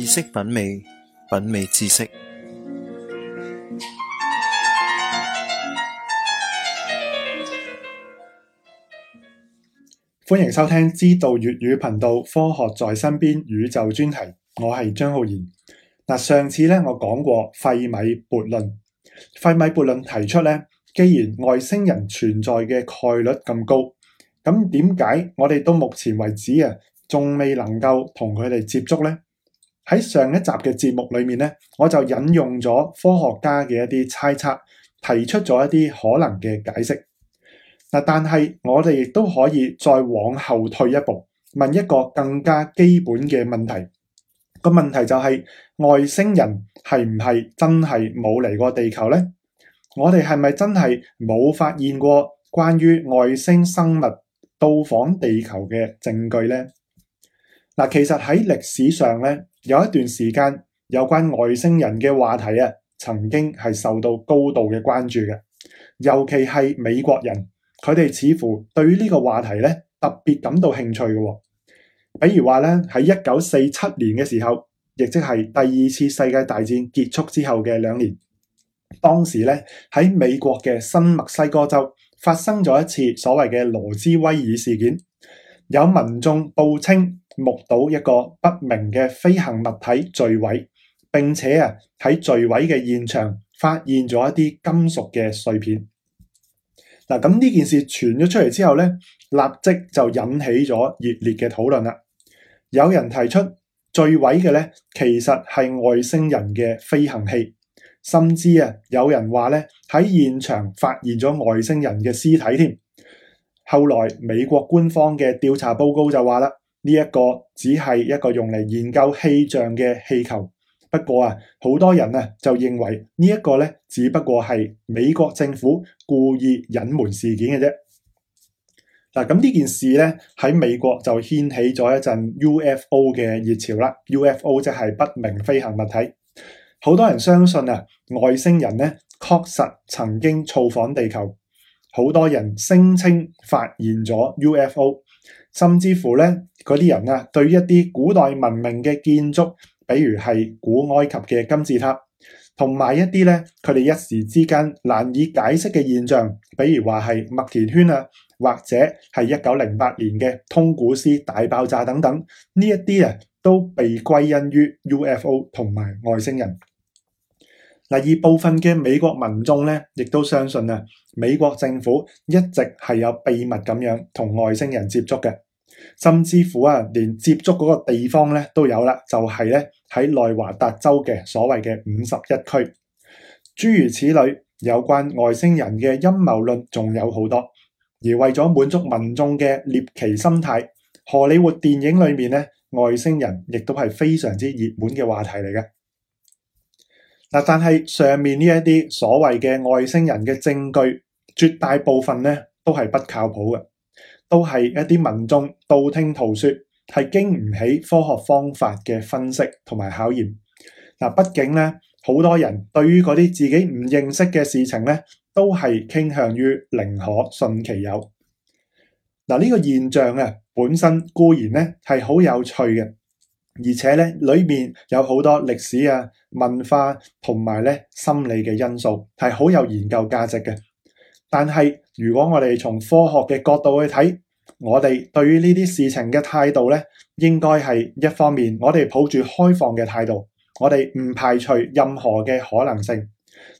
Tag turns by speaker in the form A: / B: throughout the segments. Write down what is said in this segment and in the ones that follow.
A: 知識品味，品味知識。歡迎收聽知道粵語頻道《科學在身邊·宇宙》專題。我係張浩然。嗱，上次咧我講過費米悖論。費米悖論提出咧，既然外星人存在嘅概率咁高，咁點解我哋到目前為止啊，仲未能夠同佢哋接觸呢？」喺上一集嘅節目裏面咧，我就引用咗科學家嘅一啲猜測，提出咗一啲可能嘅解釋。嗱，但係我哋亦都可以再往後退一步，問一個更加基本嘅問題。個問題就係外星人係唔係真係冇嚟過地球呢？我哋係咪真係冇發現過關於外星生物到訪地球嘅證據呢？嗱，其實喺歷史上咧。有一段時間有關外星人嘅話題啊，曾經係受到高度嘅關注嘅，尤其係美國人，佢哋似乎對於呢個話題咧特別感到興趣嘅。比如話咧，喺一九四七年嘅時候，亦即係第二次世界大戰結束之後嘅兩年，當時咧喺美國嘅新墨西哥州發生咗一次所謂嘅羅茲威爾事件，有民眾報稱，目睹一個不明嘅飛行物體墜毀，並且啊喺墜毀嘅現場發現咗一啲金屬嘅碎片。嗱，咁呢件事傳咗出嚟之後呢，立即就引起咗熱烈嘅討論啦。有人提出墜毀嘅呢，其實係外星人嘅飛行器，甚至啊有人話呢，喺現場發現咗外星人嘅屍體添。後來美國官方嘅調查報告就話啦。呢一個只係一個用嚟研究氣象嘅氣球，不過啊，好多人啊就認為呢一個咧只不過係美國政府故意隱瞞事件嘅啫。嗱，咁呢件事咧喺美國就掀起咗一陣 UFO 嘅熱潮啦。UFO 即係不明飛行物體，好多人相信啊外星人咧確實曾經造訪地球，好多人聲稱發現咗 UFO。深知乎呢,他啲人,對一啲古代文明嘅建築,比如係古埃及嘅金字塔,同埋一啲呢,他哋一時之間難以解釋嘅現象,比如話係密集圈,或者係1908年嘅通古絲大爆炸等等,呢一啲,都被歸淫於 UFO 同埋愛情人。嗱，而部分嘅美國民眾咧，亦都相信啊，美國政府一直係有秘密咁樣同外星人接觸嘅，甚至乎啊，連接觸嗰個地方咧都有啦，就係咧喺內華達州嘅所謂嘅五十一區。諸如此類，有關外星人嘅陰謀論仲有好多，而為咗滿足民眾嘅獵奇心態，荷里活電影裏面咧，外星人亦都係非常之熱門嘅話題嚟嘅。嗱，但係上面呢一啲所謂嘅外星人嘅證據，絕大部分呢都係不靠譜嘅，都係一啲民眾道聽途說，係經唔起科學方法嘅分析同埋考驗。嗱，畢竟呢，好多人對於嗰啲自己唔認識嘅事情呢，都係傾向於寧可信其有。嗱，呢個現象啊，本身固然呢，係好有趣嘅。而且咧，裏面有好多歷史啊、文化同埋咧心理嘅因素，係好有研究價值嘅。但係如果我哋從科學嘅角度去睇，我哋對於呢啲事情嘅態度咧，應該係一方面我哋抱住開放嘅態度，我哋唔排除任何嘅可能性。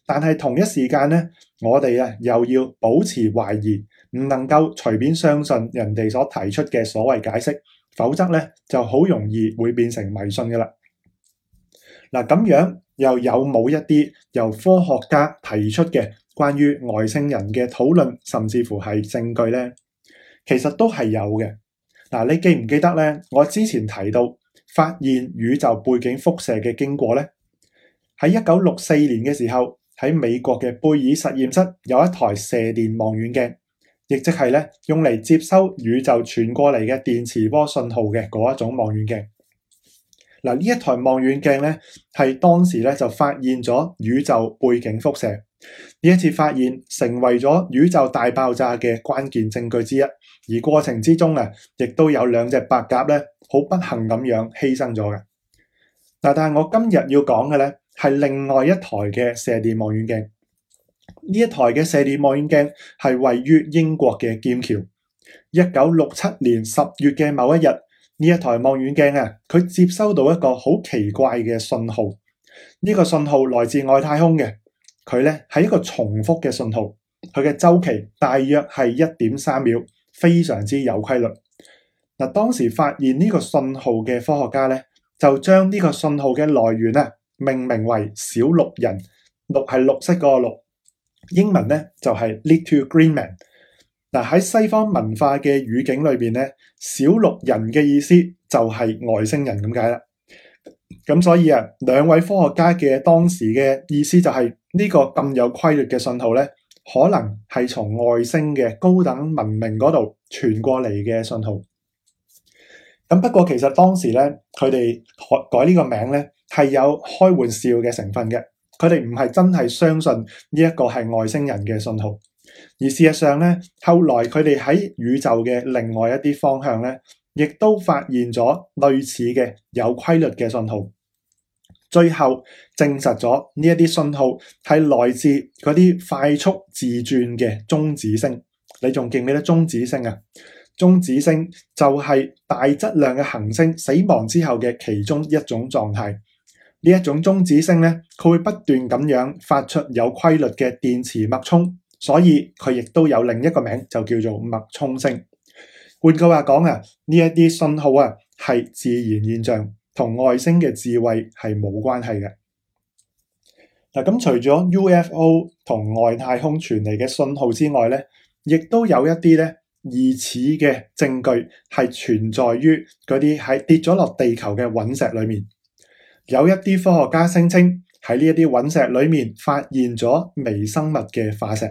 A: 但係同一時間咧，我哋啊又要保持懷疑，唔能夠隨便相信人哋所提出嘅所謂解釋。否則咧就好容易會變成迷信嘅啦。嗱，咁樣又有冇一啲由科學家提出嘅關於外星人嘅討論，甚至乎係證據呢？其實都係有嘅。嗱，你記唔記得呢？我之前提到發現宇宙背景輻射嘅經過呢，喺一九六四年嘅時候，喺美國嘅貝爾實驗室有一台射電望遠鏡。亦即係咧，用嚟接收宇宙傳過嚟嘅電磁波信號嘅嗰一種望遠鏡。嗱，呢一台望遠鏡咧，係當時咧就發現咗宇宙背景輻射。呢一次發現成為咗宇宙大爆炸嘅關鍵證據之一。而過程之中啊，亦都有兩隻白鴿咧，好不幸咁樣犧牲咗嘅。嗱，但係我今日要講嘅咧，係另外一台嘅射電望遠鏡。呢一台嘅射電望遠鏡係位於英國嘅劍橋。一九六七年十月嘅某一日，呢一台望遠鏡啊，佢接收到一個好奇怪嘅信號。呢個信號來自外太空嘅，佢咧係一個重複嘅信號，佢嘅周期大約係一點三秒，非常之有規律。嗱，當時發現呢個信號嘅科學家咧，就將呢個信號嘅來源命名為小綠人，綠係綠色個綠。英文咧就係 Little Green Man。嗱，喺西方文化嘅語境裏邊咧，小綠人嘅意思就係外星人咁解啦。咁所以啊，兩位科學家嘅當時嘅意思就係、是、呢、這個咁有規律嘅信號咧，可能係從外星嘅高等文明嗰度傳過嚟嘅信號。咁不過其實當時咧，佢哋改呢個名咧，係有開玩笑嘅成分嘅。佢哋唔係真係相信呢一個係外星人嘅信號，而事實上呢，後來佢哋喺宇宙嘅另外一啲方向呢，亦都發現咗類似嘅有規律嘅信號，最後證實咗呢一啲信號係來自嗰啲快速自轉嘅中子星。你仲記唔記得中子星啊？中子星就係大質量嘅恒星死亡之後嘅其中一種狀態。呢一種中子星呢，佢會不斷咁樣發出有規律嘅電磁脈衝，所以佢亦都有另一個名，就叫做脈衝星。換句話講啊，呢一啲信號啊係自然現象，同外星嘅智慧係冇關係嘅。嗱，咁除咗 UFO 同外太空傳嚟嘅信號之外呢，亦都有一啲呢疑似嘅證據係存在於嗰啲係跌咗落地球嘅隕石裏面。有一啲科學家聲稱喺呢一啲隕石裏面發現咗微生物嘅化石。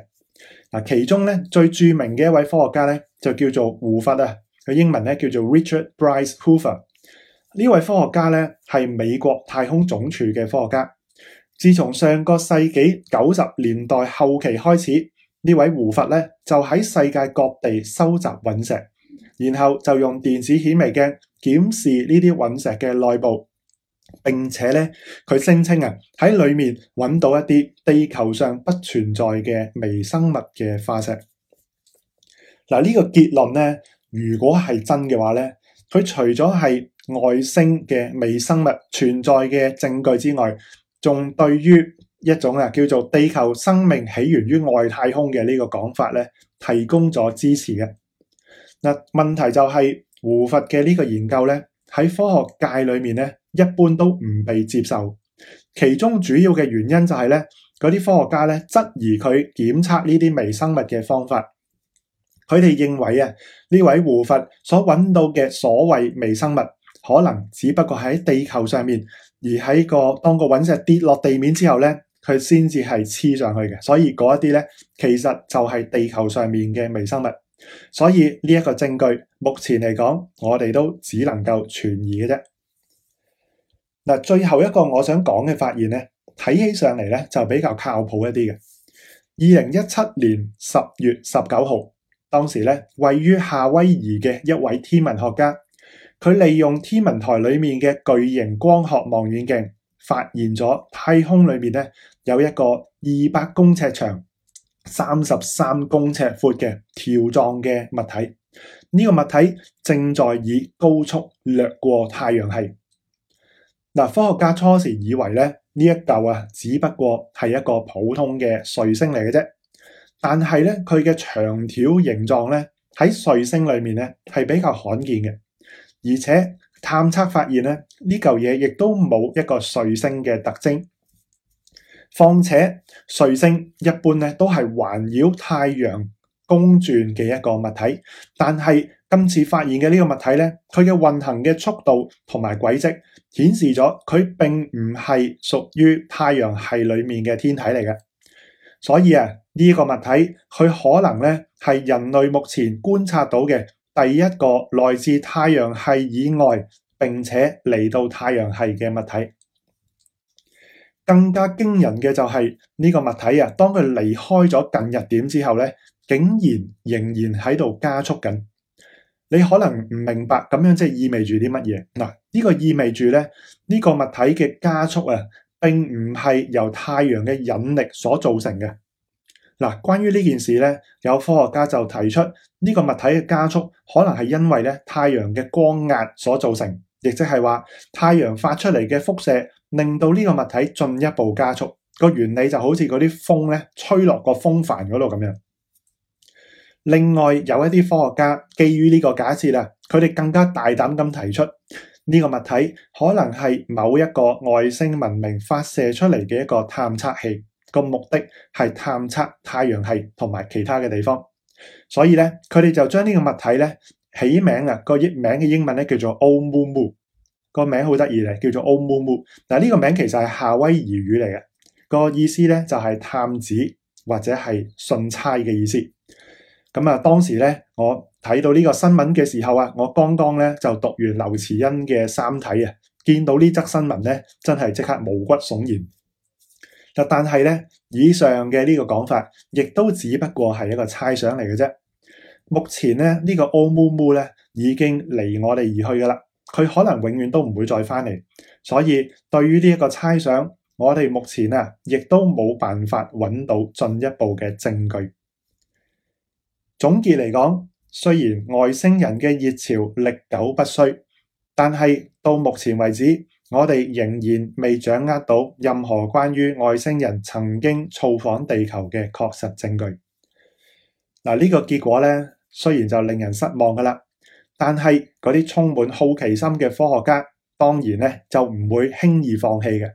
A: 嗱，其中咧最著名嘅一位科學家咧就叫做胡佛啊，佢英文咧叫做 Richard Bryce Hoover。呢位科學家咧係美國太空總署嘅科學家。自從上個世紀九十年代後期開始，呢位胡佛咧就喺世界各地收集隕石，然後就用電子顯微鏡檢視呢啲隕石嘅內部。並且咧，佢聲稱啊，喺裏面揾到一啲地球上不存在嘅微生物嘅化石。嗱，呢個結論咧，如果係真嘅話咧，佢除咗係外星嘅微生物存在嘅證據之外，仲對於一種啊叫做地球生命起源於外太空嘅呢個講法咧，提供咗支持嘅。嗱，問題就係胡佛嘅呢個研究咧。喺科學界裏面咧，一般都唔被接受。其中主要嘅原因就係咧，嗰啲科學家咧質疑佢檢測呢啲微生物嘅方法。佢哋認為啊，呢位胡佛所揾到嘅所謂微生物，可能只不過喺地球上面，而喺個當個隕石跌落地面之後咧，佢先至係黐上去嘅。所以嗰一啲咧，其實就係地球上面嘅微生物。所以呢一個證據，目前嚟講，我哋都只能夠存疑嘅啫。嗱，最後一個我想講嘅發現呢，睇起上嚟呢就比較靠譜一啲嘅。二零一七年十月十九號，當時呢位於夏威夷嘅一位天文學家，佢利用天文台裏面嘅巨型光學望遠鏡，發現咗太空裏面呢有一個二百公尺長，三十三公尺闊嘅條狀嘅物體，呢、這個物體正在以高速掠過太陽系。嗱，科學家初時以為咧呢一嚿啊，這個、只不過係一個普通嘅彗星嚟嘅啫。但係咧，佢嘅長條形狀咧喺彗星裏面咧係比較罕見嘅，而且探測發現咧呢嚿嘢亦都冇一個彗星嘅特徵。況且，彗星一般咧都係環繞太陽公轉嘅一個物體，但係今次發現嘅呢個物體咧，佢嘅運行嘅速度同埋軌跡顯示咗佢並唔係屬於太陽系裡面嘅天體嚟嘅，所以啊，呢、這個物體佢可能咧係人類目前觀察到嘅第一個來自太陽系以外並且嚟到太陽系嘅物體。更加驚人嘅就係呢個物體啊，當佢離開咗近日點之後咧，竟然仍然喺度加速緊。你可能唔明白咁樣即係意味住啲乜嘢？嗱，呢個意味住咧，呢個物體嘅加速啊，並唔係由太陽嘅引力所造成嘅。嗱，關於呢件事咧，有科學家就提出呢個物體嘅加速可能係因為咧太陽嘅光壓所造成，亦即係話太陽發出嚟嘅輻射。令到呢個物體進一步加速，個原理就好似嗰啲風咧吹落個風帆嗰度咁樣。另外有一啲科學家基於呢個假設啦，佢哋更加大膽咁提出呢個物體可能係某一個外星文明發射出嚟嘅一個探測器，個目的係探測太陽系同埋其他嘅地方。所以咧，佢哋就將呢個物體咧起名啊，個譯名嘅英文咧叫做 Oumuamua。個名好得意咧，叫做 Oumuamua。嗱，呢個名其實係夏威夷語嚟嘅，個意思咧就係探子或者係信差嘅意思。咁啊，當時咧我睇到呢個新聞嘅時候啊，我剛剛咧就讀完劉慈欣嘅《三體》啊，見到呢則新聞咧，真係即刻毛骨悚然。但係咧，以上嘅呢個講法，亦都只不過係一個猜想嚟嘅啫。目前咧呢個 Oumuamua 呢，咧已經離我哋而去噶啦。佢可能永遠都唔會再返嚟，所以對於呢一個猜想，我哋目前啊亦都冇辦法揾到進一步嘅證據。總結嚟講，雖然外星人嘅熱潮歷久不衰，但係到目前為止，我哋仍然未掌握到任何關於外星人曾經造訪地球嘅確實證據。嗱，呢個結果呢，雖然就令人失望㗎啦。但係嗰啲充滿好奇心嘅科學家，當然咧就唔會輕易放棄嘅。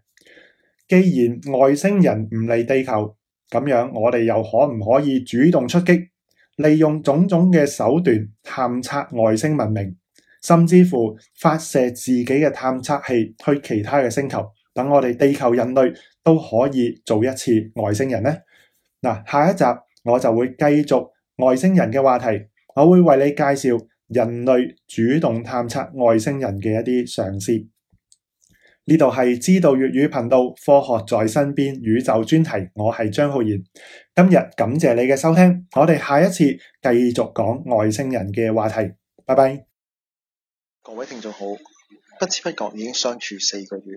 A: 既然外星人唔嚟地球，咁樣我哋又可唔可以主動出擊，利用種種嘅手段探測外星文明，甚至乎發射自己嘅探測器去其他嘅星球，等我哋地球人類都可以做一次外星人呢？嗱，下一集我就會繼續外星人嘅話題，我會為你介紹。人類主動探測外星人嘅一啲嘗試，呢度係知道粵語頻道，科學在身邊，宇宙專題，我係張浩然。今日感謝你嘅收聽，我哋下一次繼續講外星人嘅話題。拜拜。各位聽眾好，不知不覺已經相處四個月。